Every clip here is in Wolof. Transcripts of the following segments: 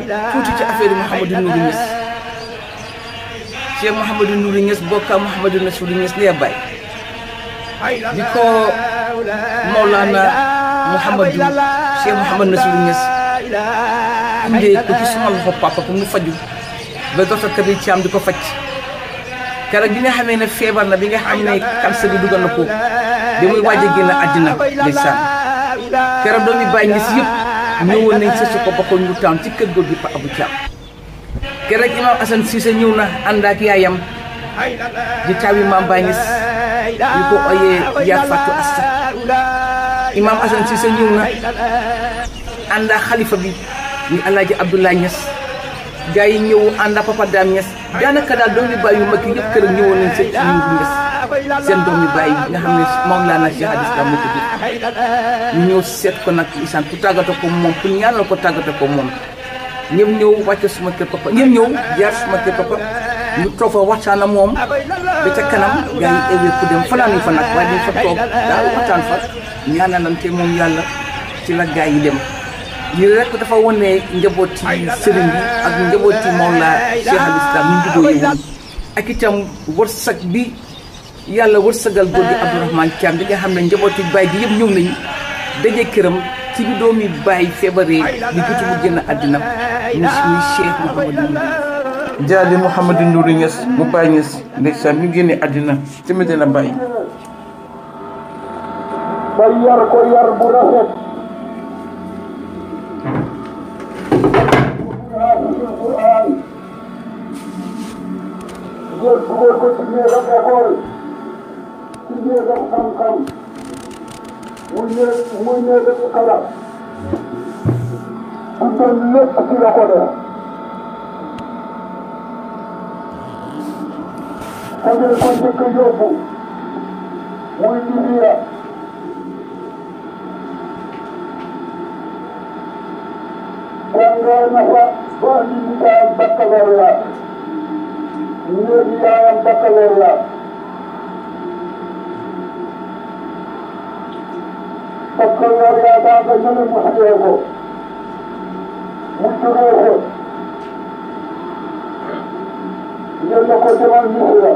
dikkaat tuuti ci affaire Mouhamadou Nourou Niass Cheikh Mouhamadou Nourou Niass bokka Mouhamadou Nassirou Niass ne baay bi ko Mawlana Mouhamadou Cheikh Mouhamadou Nassirou Niass indee ko ci sama loxo papa ko mu faju ba docteur Kabir Thiam di ko faj keroog bi nga xamee ne feebar na bi nga xam ne cancer bi dugal na ko bi muy waaj a génn àddina ndeysaan keroog doomi Baay Ñas yëpp ñëwoon nañ sa si ko bokkoon ñu taam ci kër góor gi Pa Abu Thiam keroog imaam Assane Cissé ñëw na ànd ak yaayam di caabi maam Baay Ñas ko oyee yaa Fatou imaam Assane Cissé ñëw na ànd xalifa bi ñu Alaaji Abdoulaye Ñas gars yi ñëw ànd ak Papa Dame Ñas daanaka daal doom yu bàyyi yu yëpp kër ñëwoon nañ sa ñëw Ñas seen doom yu bàyyi nga xam ne seet ko nag isaan pour tàggatoo ko moom pour ko tàggatoo ko moom ñëpp ñëw wàcce suma kër papa ñëpp ñëw jaar suma kër papa ñu toog fa moom ba ca kanam gaa ngi éwee ku dem fanaan yu fa nag waaye dañ fa toog daal waxtaan fa ñaanalante moom yàlla ci la gaa yi dem lii rek dafa wone njabooti sëriñ bi ak njabooti Maolana Cheikh Al Islam ñu jubóoyee woon ak itam wërsëg bi yàlla wërsëgal góor gi Abdourahmane Thiam bi nga xam ne njabootu baay gi yëpp ñëw nañu daje këram ci bi doomi baay feebaree di ko ci mu génn àddina muy Cheikh Mouhamadou Ndour. jaale Mouhamadou Ndour Niass bu Baay Baay. ba yar ko yar bu rafet. Yes, néegam xam-xam muy néeg muy néegam xalaat bu doon lépp ci la ko def fajal ko njëkk yóbbu muy Libya jàngal na fa ba andi yaayam baccalauréat néeg yaayam baccalauréat takkoon naa yaakaar nga jëlee mu xamee ko mu jógee ko yéen na ko demal Misra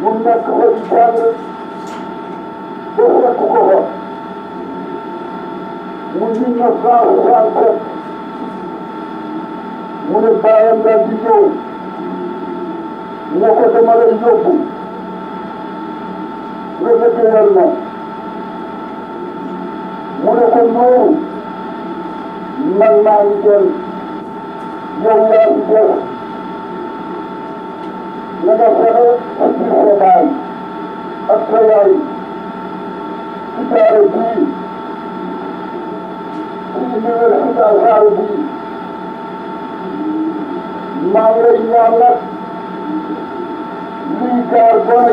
mu nekk fa di jàng ba fekk ko fa mu ngi ñëw saa saa seet mu ne baayam daal di ñëw ne ko dama lay yóbbu nga dëgg yàlla mu ne ko nooru man maa ngi jël yow yaa ngi jël na nga fexe ci biir sa baay ak sa yaay ci daara bii ci université Azhar bii maa ngi lay ñaan luy gaar gone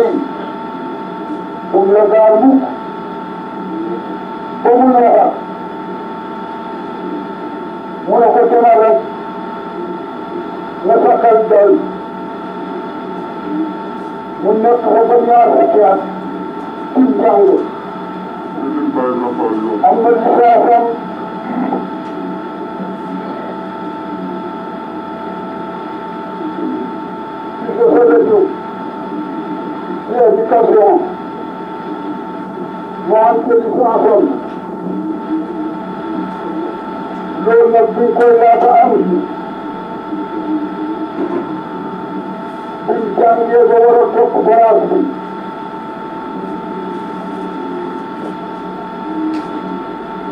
yi la gaar mukk ba mu neexal mu ne ko demal rek nga sa xel doy mu nekk ko ba ñaar fukki at ci njàng am na lisaasam ci sa rajo ci éducation mu am loolu nag buñ koy laata am buñ jàngee ba war a topp baraas bi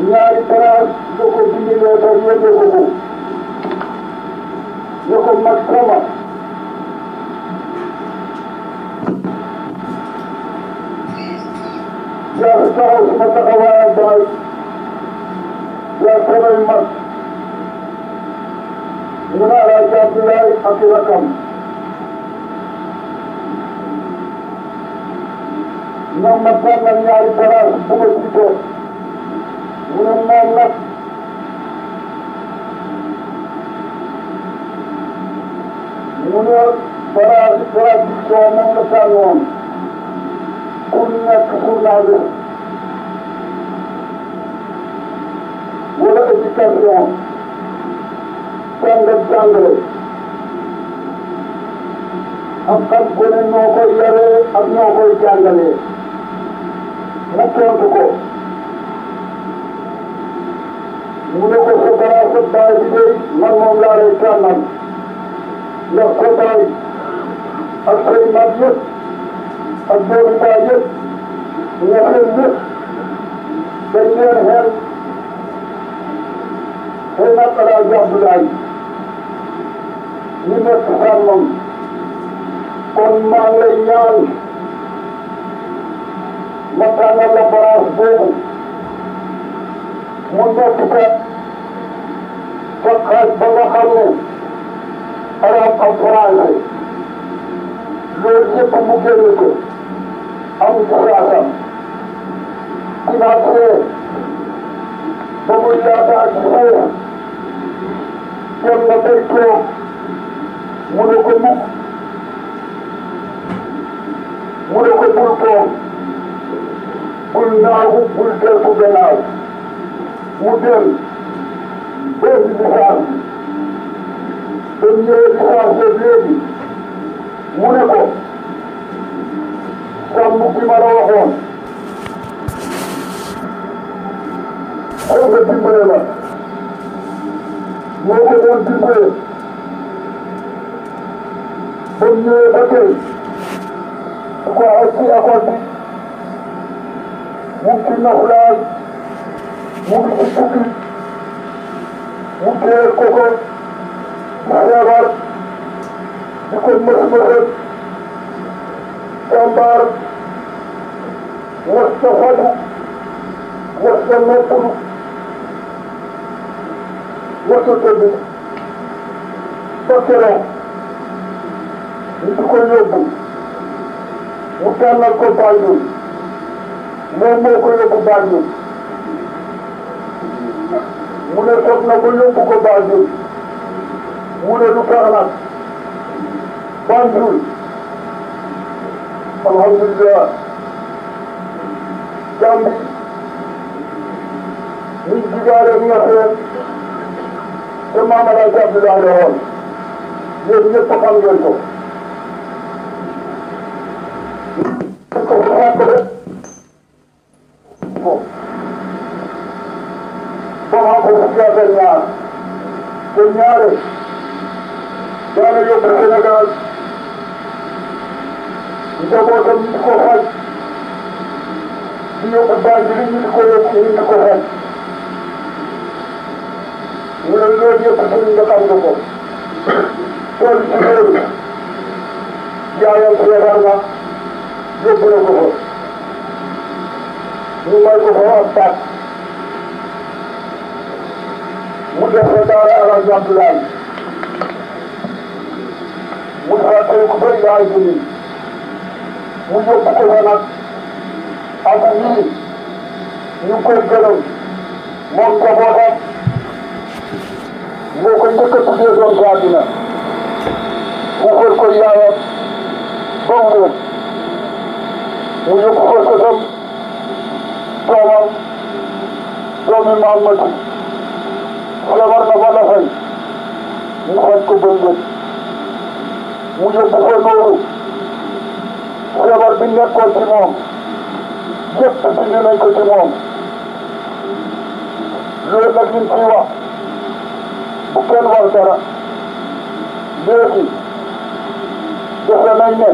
ñaari baraas da ko bindi leetar yónnee ko ko ne ko mag sama yaa taxaw sama taxawaayam baay yaa samay mag مناهضة الله حقيقة ñoom nag daal la ñaari balaar bu ma jiitoo mu ne moom nag mu ne balaar balaar jiitoo moom la sànnoon pour nekk pour naaje wala éducation sàngam sàngale ak xam ko ne ñoo koy yore ak ñoo koy jàngale mu tontu ko mu ne ko sa balaa sa baay bi day man moom laa lay tànnal ndax sa baay ak say mag yëpp ak boobu baay yëpp ñaxeen yëpp dañ leen xel xëy na xalaat jàpp laay ñi nga xamoon kon maa ngi lay ñaan la baraas boobu mu nekk ca ca xaaj ba nga xam ne arab alquran am xalaatam dinaa xëy ba muy yaata ak mu ne ko mukk mu ko bul toog bul naagu bul del ko gannaaw mu del bee ci misaal ba ñëwee ci saase léegi mu ne ko sàmm bi ma la waxoon xëy nga dimbale la moo ko doon dimbale ba mu ñëwee ba tey da koo xaw ci école bi mu ngi ci naxulaay mu ngi ci tukki mu was na faju was na noppalu was na tëdd ñi ko yóbbu mu tàllal ko Banjul moom moo ko yóbbu mu ne toog na ko yóbbu ko Banjul mu ne lu tax nag Banjul alhamdulilah Gàmbi ñu jigaare ñaxee te Maam Alaaji Abdoulaye la woon yéen ñëpp xam ngeen ko ñaare daana yóbbu Sénégal njabootam ñu ko xaj di yóbbu Banjul ñu ko yóbbu ñu ko xaj ñu ne loolu yëpp sëriñ nga xam nga ko tool ci loolu yaayam feebar na yóbbu na ko fa ñu may ko fa ab baat mu def ko daara Alaaji Abdoulaye mu xaatee ku bëri yaay bi mu yóbbu ko fa nag ak ñii ñu koy gërëm moom njabootam moo ko njëkk a tuddee doom ci àddina mu xool ko yaayam ba mu réer mu yóbbu ko sëtam doomam doomi Maamadu mu ne war na ko la fay ñu faj ko ba njëkk mu yóbbu ko loolu feebar bi nekkoon ci moom yëpp dindi nañ ko ci moom loolu nag ñu ciy wax bu kenn war dara léegi defe nañ ne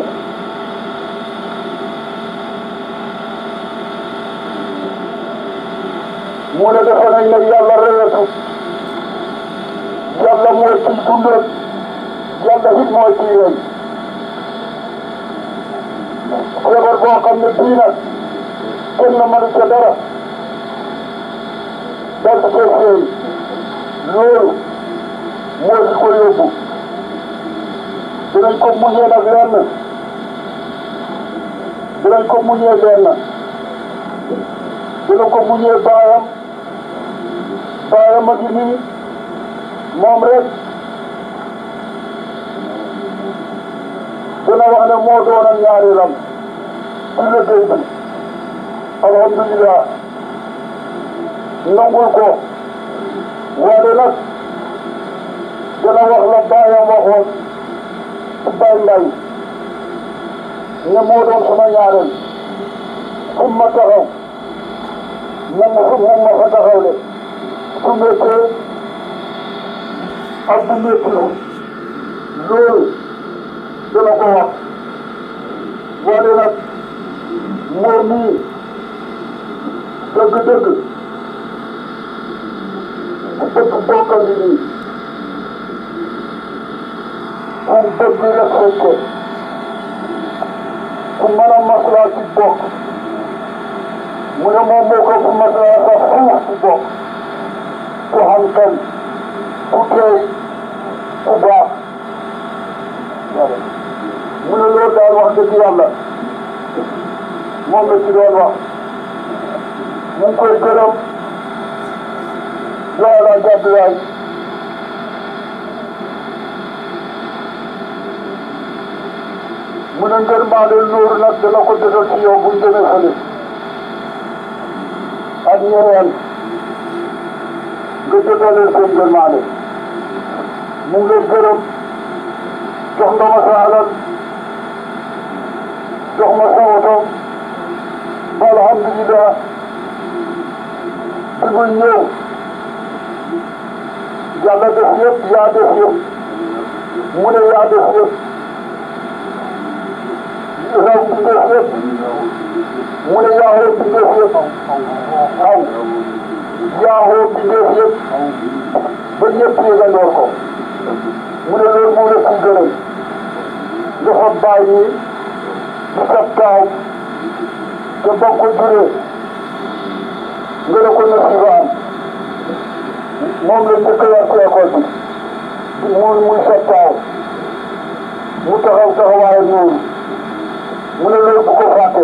mu ne defe nañ ne yàlla rëyatu yàlla mooy kuy dundal yàlla it mooy kuy rey feebar boo xam ne bii nag kenn mënu ca dara dal ko feey loolu moo di ko yóbbu dinañ ko muñee nag lenn dinañ ko muñee lenn dina ko muñee baayam baayam a ngi nii moom rek dana wax ne moo doonan ñaareelam ci liggéey bi alhamdulilah nangul ko waaye nag dana wax la baayam waxoon ci Baay Nday ne moo doon sama ñaareel fu ma taxaw man fu ma fa taxaw de su mettee ak bu météo loolu dina ko nag moom mii dëgg-dëgg ku bëgg ku bëgg respecté ku bokk mu ne moom ku maslaa sax fuuf bokk ku xam ubbee ku baax mu ne loolu daal wax dëgg yàlla moom la ci doon wax mu ngi koy gërëm yàlla jàppalaay mu ne ngërmaande nuur nag dana ko jëtal ci yow buñ demee fële ak ñeneen nga jëtalee seen ngërmaande mu ngi lay gërëm jox nga ma sa alal jox ma sa oto ba alhamdulilah bi muy ñëw yàlla def yëpp yaa def yëpp mu ne yaa def yëpp raw bi def yëpp mu ne yaa raw bi def yëpp aw yaa raw bi def yëpp ba ñëpp yëgaloor ko mu ne leen moo nekkum baay yi di sab taaw te ba ko juree nga moom la njëkk a yar ci école bi muy muy sab mu taxaw taxawaayu noonu mu ne loolu bu ko fàtte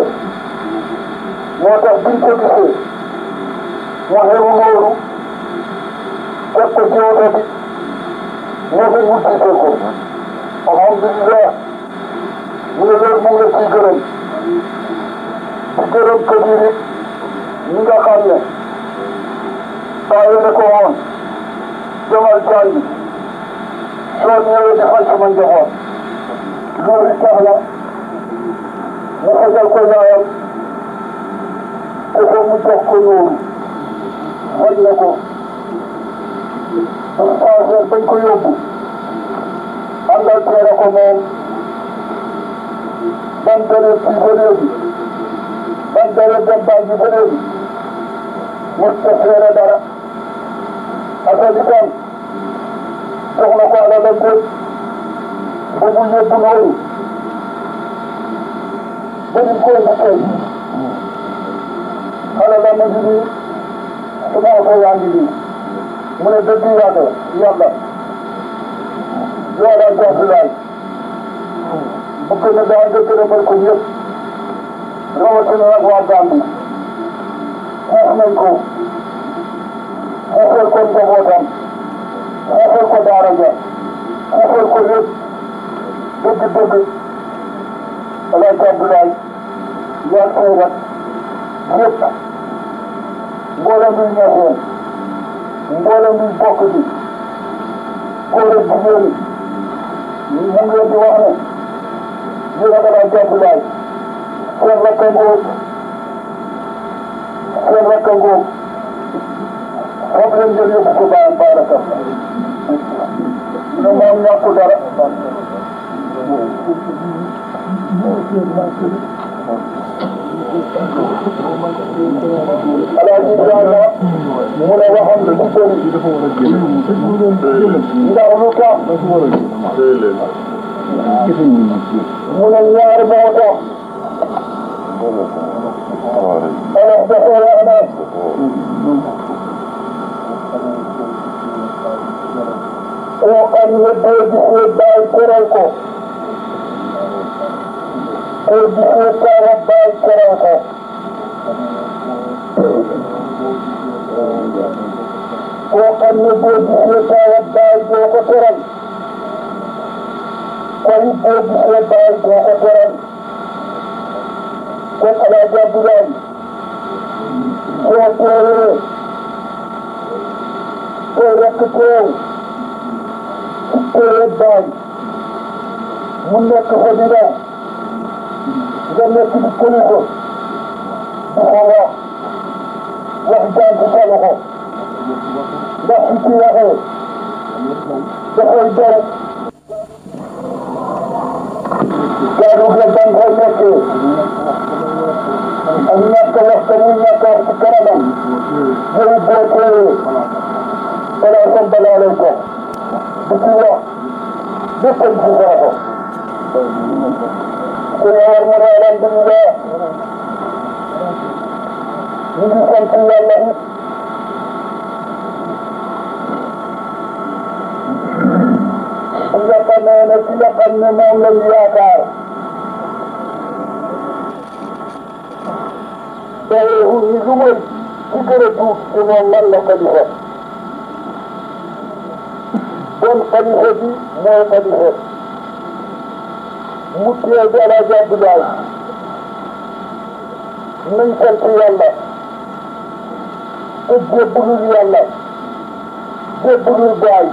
moo tax biñ mu xewu loolu teg ko ci woto bi ñoo koy wutal ko alhamdulilah ñu ne loolu moom la ciy gërëm di gërëm kër yi nit ñi nga xam ne saa yéene ko woon demal jàngi soo ñëwee di fay sama njaboot loolu tax mu fajal ko ko mu jox ko loolu faj na buñ paasee bañ ko yóbbu Angleterre ko moom ban période bi ba léegi ban période campagne bi léegi mosut a seere dara affaire itam jox na ko alal ak góor boobu yóbbu loolu ba ñu koy bu tey alal ak ma ji mu ne dëgg yàlla yàlla yàlla jox bilaay bëgg na daa nga gërëmal ko ñëpp rawatina nag waa Gàmbi xeex nañ ko xeexal ko njabootam xeexal ko daara ja xeexal ko lépp dëgg dëgg alaay jox bilaay yàlla koy rat ñëpp mboolem bi ñeexoon mboolem bi bokk ci góor ak jigéen mu ngi leen di wax ne yéen a ko daan jàppalaay seen rakk ngóob seen rakk ngóob foog leen jël yóbbu ko baal baal a tax ne moom ñàkku dara. alaaji Ibrahima mu ne waxoon na lu bëri ndax lu tax mu ne ñaari moo tax alors dafa war a amaat oo xam ne boo ko bàyyi ko xëy bu xëy kaaru baay keroog koo xam ne boo gisee kaaru baay doo ko teral. kon boo gisee baay doo ko teral. kon Alaaji Abdoulaye. soo teewee. soo rekk teew. ci teewee baay. mu nekk xodira. Jannatul Khulud di ko wax wax jàng xalu ko ndax su ci waxee dafay doon jaarul la jàng koy nekkee ak ñàkk wax te muy ñàkk wax ci kanamam yow boo teewee balaa kon balaa lay ko di ci wax lépp a ngi ci Sëriñ mu ne alhamdulilah ñu ngi sant yàlla it su nga xamee ne ki nga xam ne moom lañ yaakaar teewu ñu dugal ci gën a tuut ci moom man la xalifa bon xalifa bi mooy xalifa mu téye bi alaaji Abdoulaye nañ sant yàlla te jébbalul yàlla jébbalul baay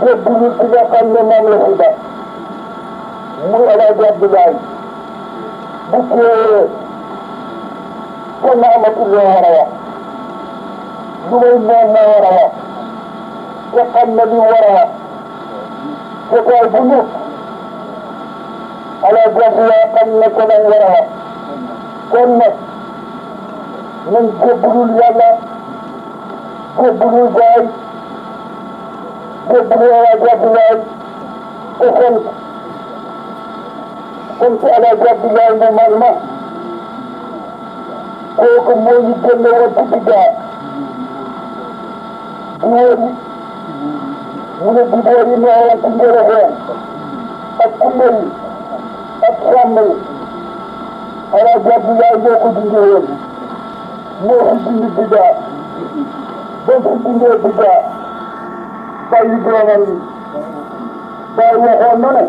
jébbalul ki nga xam ne moom la fi ba muy alaaji Abdoulaye bu téyee kenn amatul loo war a wax lu may moom moo war a wax te xam na li war a jotaay bu ala jot yaa xam ne ko war a wax kon nag nañ jébbalul yàlla jébbalul ala jot yaay te sant sant ala jot yaay mu mag ma kooku moo ñu gën war a dugg gaa mu ne bidon yi neewal ci njëriñam ak kunde ak sàmm yi xanaa jàpp yaay ñoo ko dundee woon moo fi dindi bidaa boo fi dindee bidaa bàyyi doomam yi bàyyi waxoon na ne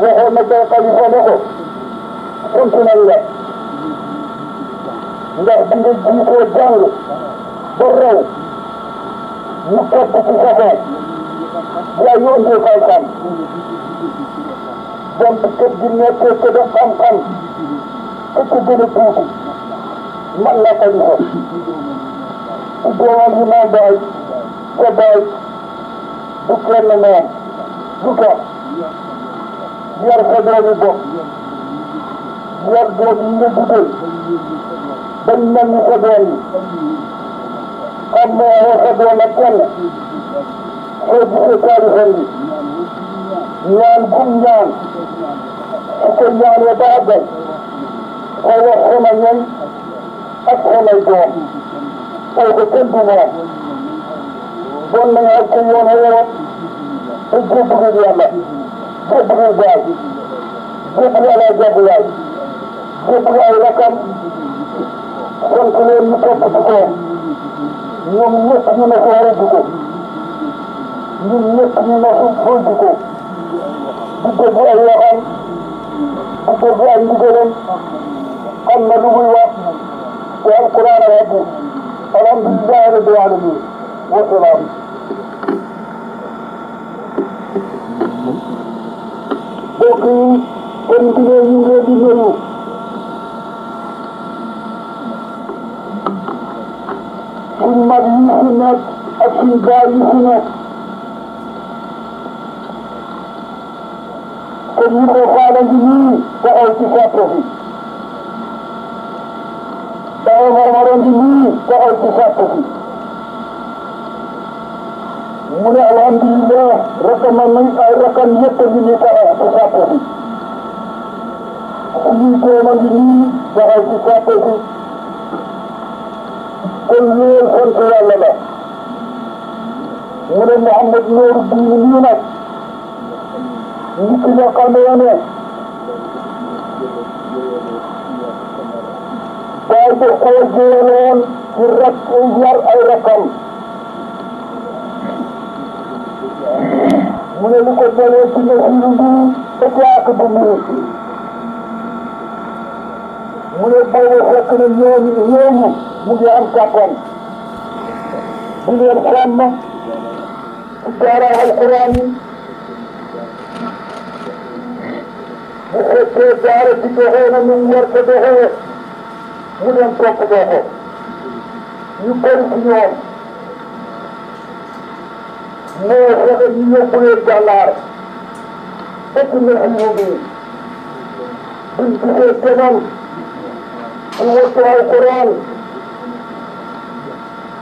waxoon na tey xalifa ne ko sant nañ la ndax di nga ji koo jàng ba mu fekk ci sa tool nga yóbbu xam-xam donc kër gi nekk ko def xam-xam ku ci gën a tuuti man la ko ñu xool ku yi ma baay sa baay du kenn moom du ko yar sa doomu bopp yar doom yi nga dugal bañ mel ni sa doom xam nga waxoon woon ak yàlla xool bu ko taalifal bi ñaan gum ñaan su ko ñaanee ba àggal xaw a xona ñoom ak xonay doom kooku kenn du moom bon na nga ko yoon a yoon te jébbugul yàlla jébbugul baay jébbugul alaay jàbbu yaay jébbugul ay rakam sant leen ñu topp ci koom ñoom ñëpp ñu ne ko war a jikko ñun ñëpp ñu ne ko fooy jikko di déglu ay waxam di déglu ay ndigalam xam na lu muy wax wa alquran ak hadis alhamdulillahi rabbil alamin wa salaam mbokk yi kon ñu ngi leen di nuyu mag yi fi nekk ak suñu gaay yi fi nekk kon ñu ko faala ngi nii taxaw ci sàppe fi bàyyi marmara ngi alhamdulillah rakam nañ ay rakam yëpp ngi nii taxaw ci sàppe kon ñëwal sant yàlla la mu ne Mouhamed Nourou Diine nii nag ki nga xamee ne daal di koo jëloon ci ay rakam mu ne ko jëlee ci Basiiru ba Isaaka bi mu ne boobu fekk na ñooñu ñooñu mu ngi am kàttan di leen sàmm ci daara alquran yi bu fekkee daara ji doxee na nu mu war ko doxee mu leen toppatoo ko ñu bëri ci ñoom moo fexe ñu yóbbu leen gàllaar ëpp na xamoo bi buñ gisee demal mu wëttu alquran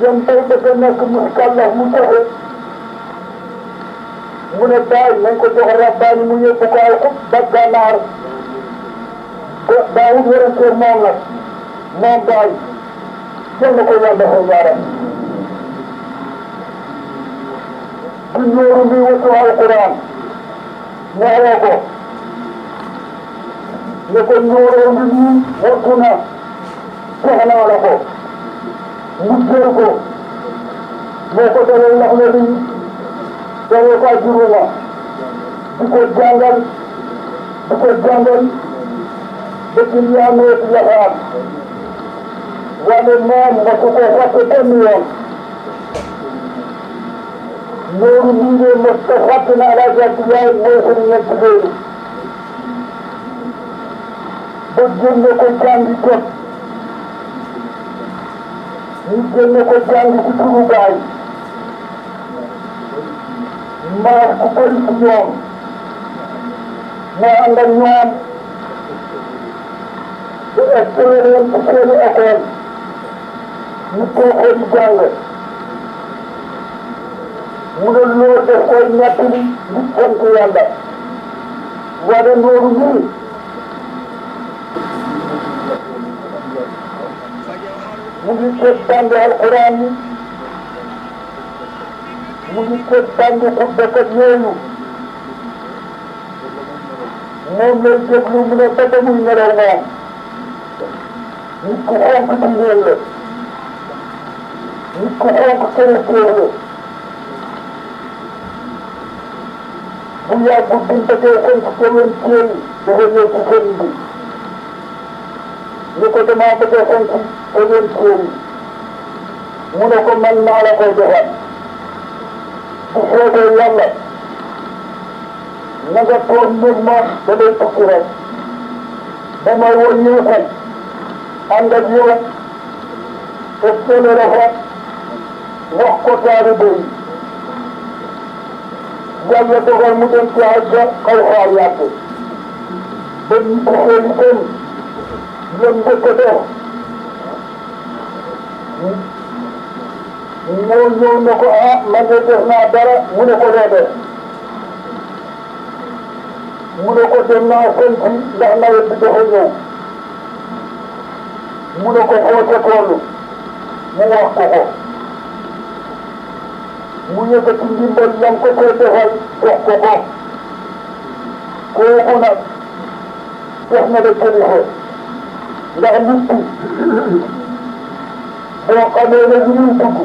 yéen tey dafa nekk muskallah mu joxe mu ne baay nañ ko jox rabbaani mu yóbbu ko ay xub ba gànnaar ba daawul wërënteeg moom la moom baay jël na ko yàlla ko yaaram di ñooru li wëtu alquran ñaaroo ko ne ko ñooroo ngi nii wëtu na jox naa la ko liggéey ko boo ko doon wax ne nii doon ko ajuruma di ko jàngal di ko jàngal ba ci ñaanoo ci lafaam wala maam nga ko ko fàtte benn yoon loolu lii de mos ko fàtte naa laa jàpp yaay mooy suñu ñetti loolu ba génne ko jàngi jot ñu génne ko jàng ci turu baay maar ku bëri ci ñoom moo ànd ak ñoom di extérieur leen ci seeni école ñu kookoo di jàng mu ne loolu daf koy ñettali nit sant yàlla wane loolu nii mu ngi ko jàng alxuraan yi mu ngi ko jàng xutba kat yooyu moom lay déglu mu ne ba muy nelaw moom nit ku xonk ci réew la nit ku xonk kër kër la bu yàgg bu dundee xonk ci seen kër yi dafa ñëw ci sëriñ bi ni ko damaa bëgg a fonk Olympique mu ne man maa la koy joxaat bu soobee yàlla na nga toog mbir ma da day tukki rek ba ma wëññeekal ànd ak yow te la fa wax ko taalibe yi yàlla dogal mu dem ci àgg xaw xaar yàgg ba ñu ko xool itam yëngu ko def moo ñëw ne ko ah man de def naa dara mu ne ko loo def mu ne ko dem naa fenn ndax nawet bi dafa mu ne ko foo ca mu wax ko ko mu yëkkati ndimbal lan ko koy defal wax ko ko kooku nag def na la ndax nit ki boo xamee ne li muy dugg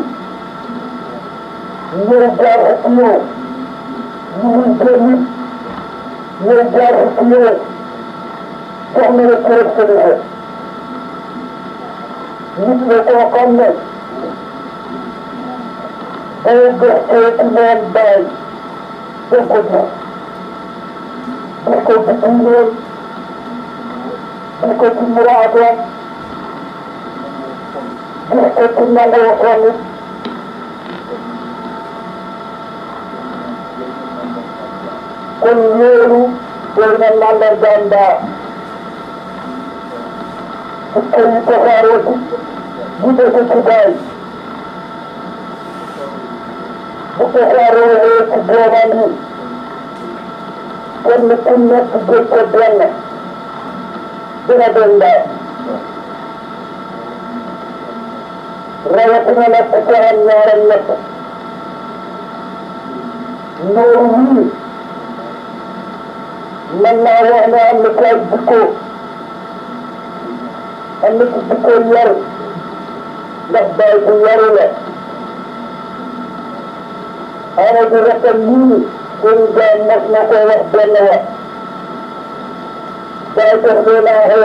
ñëw jaar ak yow ñu muy génn ñëw jaar ak yow jox na la caractérisé nit ne koo xam ne day gëstoo ci naan baay def ko jox def ko bitim réew jox ko ci muraadoom jox ko ci nangoo sonn kon loolu doy na màndargaam daa sukkër yi tasaaroo ci gudde ko ci baay bu tasaaroo ci doomam yi kenn ku nekk jël ko benn dina doon ndaw rawatina nag ku ko am ñaaram natt loolu yii mën naa na ko ay jikkoo am na ci jikkoo yar ndax baay bu yaru la ana di rafet yii seen jaam mos na तय कर लेना है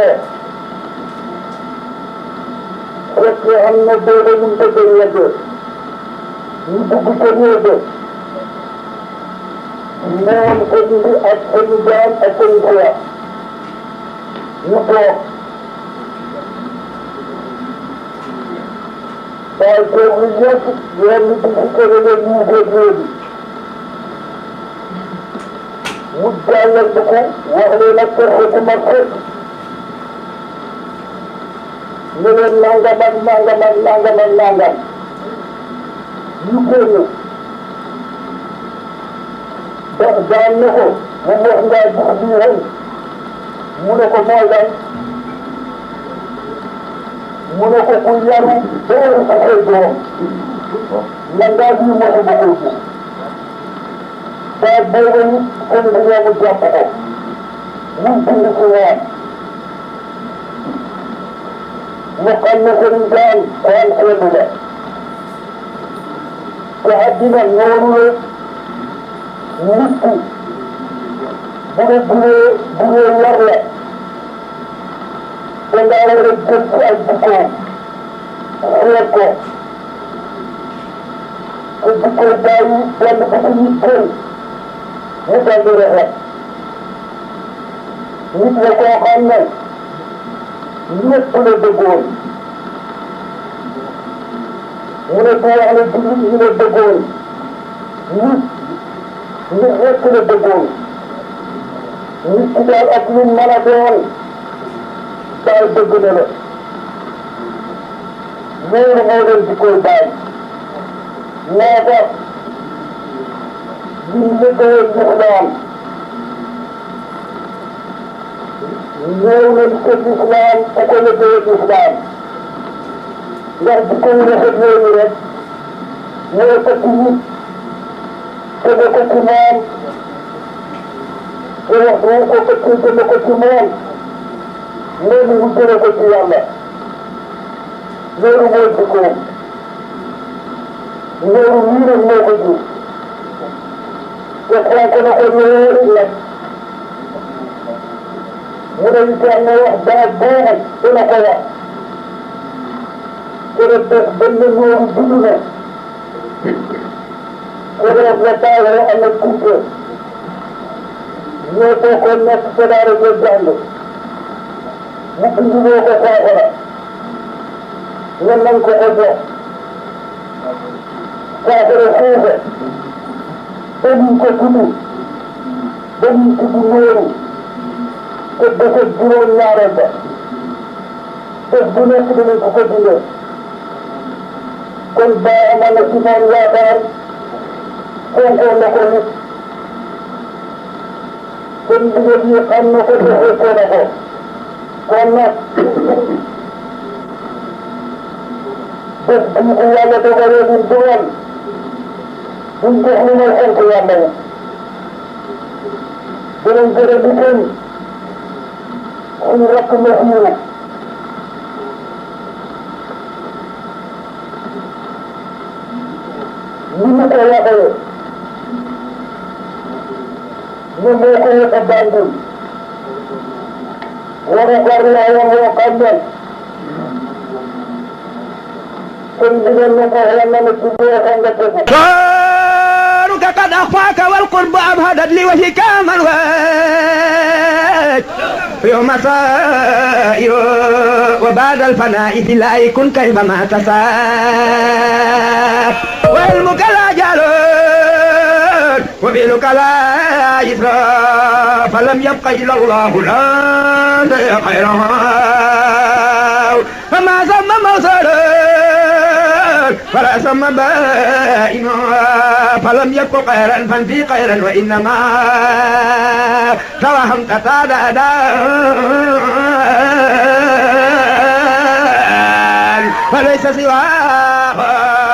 रखे हमने डेढ़ घंटे के लिए दो बुक के लिए दो मैं उनको भी अच्छे विज्ञान अच्छे निकला निकलो और जो विजय जो नीति के लिए मुझे दिए mu jàllal bu ko wax leen ak pexe bu mag xëy leen nangam ak nangam ak nangam ak nangam ñu koy ñëw daan na ko mu wax ngaa dugg bi xëy mu ne ko mooy lan mu ne ko ku yaru ba wër ku xëy doom waaye béy ba nit kon dañoo mu jàpp ko ñun bind si waat ñu xam ne sëriñ Gaal xaal xeetu la te addina noonu la nit ki bu la juree juree yar la te ngaa war a jëm ci ay jikkoom seet ko te jikko bàyyi benn bu ci nit ñu dal di rafet nit la koo xam ne la dëggoon mu ne bu wax ne jullit la dëggoon nit nit rek la dëggoon nit ki daal ak lu mën doon daal dëgg na la loolu moo doon di koy bàyyi naa ko di liggéeyal lislaam ñëw nañ ko lislaam ku ko liggéeyal lislaam ndax bu ko rafet yooyu rek ñëw ko ci nit ko ci moom te wax bu ko xëccee jëme ko ci moom loolu mu jëme ko ci yàlla loolu mooy jikkoom loolu lii rek moo ko jur ko xonk na ko lool nag mu ne itam na wax baat boobu dina ko wax kene tax ba ne loolu dund na keroog la taaloo am na kumpa ñoo bokkoon nekk ca daara ja jàng mu bindiloo ko saafara nga nan ko ko jox saafara suufe dañuy ko gudd dañuy tudd Nooru te dëkk juróom-ñaareel ba bés bu nekk dinañ ko ko dundee kon ba amoon na ci moom na ko nit kon ndigal yi xam na ko defee ko na ko kon nag bés bu ko yàlla dogalee ñu dugal duñ def lu may sant yàlla la. dinañ gërëm di rakk ma fi ñëw. ni mu ko waxee ñu moo ko wax ak Banjul. war a war laa war a wax ak ñoom. kon digal na ko yàlla na ci biir قد أخفاك والقرب أبهدت لي وجهك من واج يوم صائر وبعد الفناء في لا يكن كيفما تساء وعلمك لا جلال وبيلك لا يسرى فلم يبق إلا الله لا خيرها فما ثم موسى فلا سم بائن فلم يكن خيرا فانفي خيرا وإنما توهم تتعدى فليس سواه